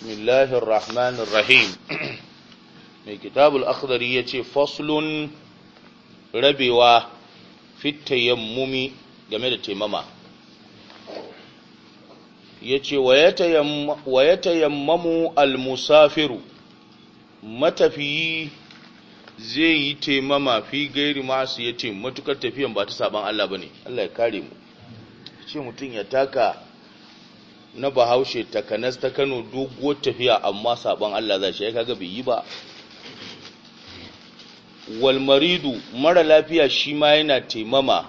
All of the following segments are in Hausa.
بسم الله الرحمن الرحيم mai kitabul akhdari yace faslun rabewa fita yammumi game da taimama yace wa yatayammamu al musafiru matafiyi zai yi taimama fi gairi masu yace matukar tafiyar ba ta saban Allah bane Allah ya kare mu ce mutum ya taka na bahaushe takanas ta kano doguwar tafiya amma sabon Allah za shi ya kaga bai yi ba walmaridu mara lafiya shi ma yana taimama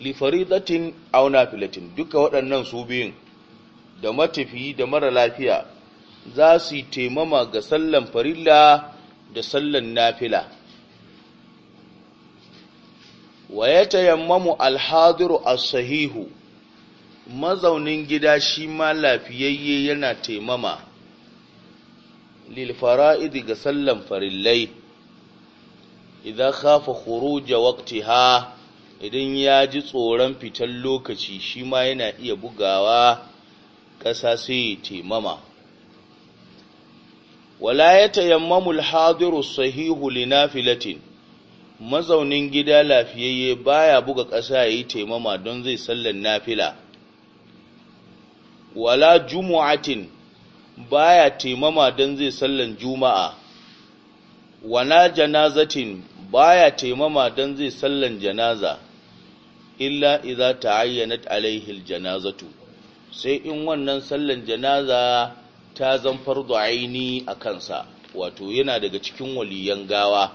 lifaridatin auna filatin duka waɗannan su biyun da matafiyi da mara lafiya za su yi taimama ga sallan farilla da sallan nafila wa ya tayammamu alhadiru as-sahihu mazaunin gida shi ma lafiyayye yana taimama lilfara ga sallan farillai idan khafa khuruja ha, idan ya ji tsoron fitar lokaci shi ma yana iya bugawa ƙasa sai ya taimama wala ya tayammamu alhadiru sahihu linafilatin mazaunin gida lafiyayye baya buga ƙasa yayi taimama don zai sallan nafila wala jumu'atin baya taimama dan zai sallan juma'a wala janazatin baya taimama dan zai sallan janaza illa idza ta'ayyanat alaihi aljanazatu sai in wannan sallan janaza ta zan fardu aini a kansa wato yana daga cikin waliyan gawa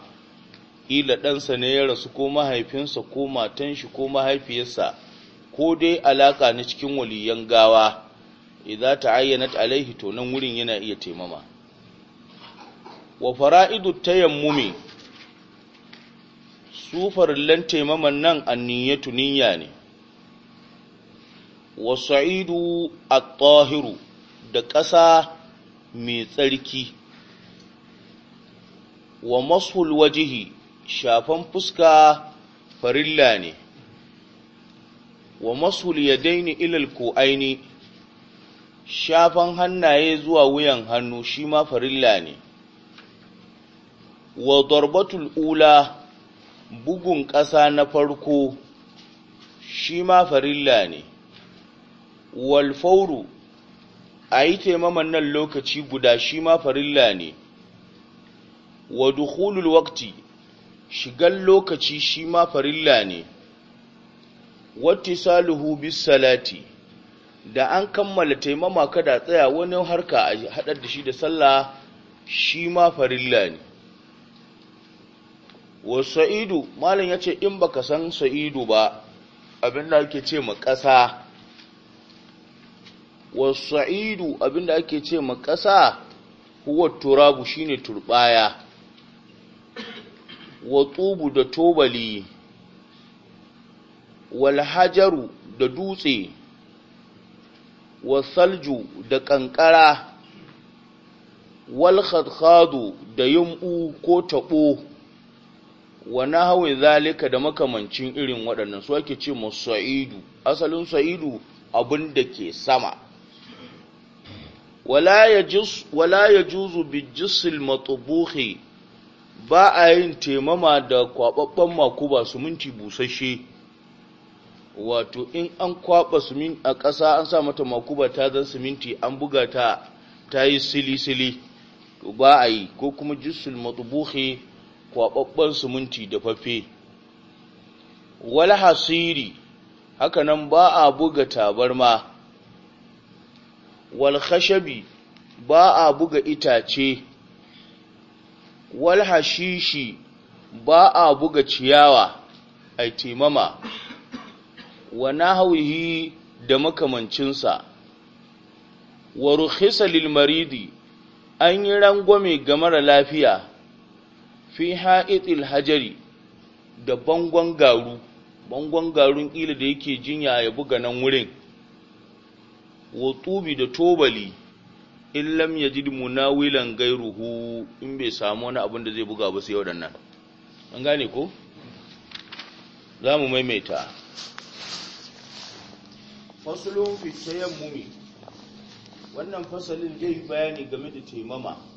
ila ɗansa ne ya rasu ko mahaifinsa ko matan shi ko mahaifiyarsa ko dai alaka na cikin waliyan gawa idza ta'ayyanat alaihi to nan wurin yana iya taimama wa fara'idu tayammumi su farillan taimaman nan anniyatu niyya ne wa sa'idu at-tahiru da ƙasa mai tsarki wa mashul wajihi shafan fuska farilla ne wa mashul yadaini ilal aini. shafan hannaye zuwa wuyan hannu shi ma farilla ne wa darbatul ula bugun ƙasa na farko shi ma farilla ne wal fauru a yi taimaman nan lokaci guda shi ma farilla ne wa dukhulul wakti shigan lokaci shi ma farilla ne saluhu bis salati da an kammala taimama kada tsaya wani harka a haɗar da shi da sallah shi ma farilla ne wa sa'idu malam ya ce in baka san sa'idu ba abinda ake ce ma ƙasa wa sa'idu abinda ake ce ma ƙasa huwa turabu shine turbaya wa tubu da tobali wal hajaru da dutse wasalju da ƙanƙara walhadhadu da yumɓu ko taɓo wa nahwi zalika da makamancin irin waɗannan su ake ce musaidu asalin saidu abin da ke sama wala yajuz wala yajuzu bijisil matbuhi ba a yin temama da kwababban makuba su minti busasshe wato in an kwaba sumin a ƙasa an sa mata makuba ta zan siminti an buga ta ta yi sili-sili ba a yi ko kuma jisul matubuhi kwababban siminti da fafe wala hasiri hakanan ba a buga tabarma wal khashabi ba a buga itace wal hashishi ba a buga ciyawa ai timama wa nahwihi da makamancinsa wa rukhisa lil maridi an yi rangwame ga mara lafiya fi ha'itil hajari da bangon garu bangon garun kila da yake jinya ya buga nan wurin wa tubi da tobali in lam yajid munawilan gairuhu in bai samu wani abin da zai buga ba sai waɗannan an gane ko za mu maimaita fasulun fi tayammumi wannan fasalin zai bayani game da taimama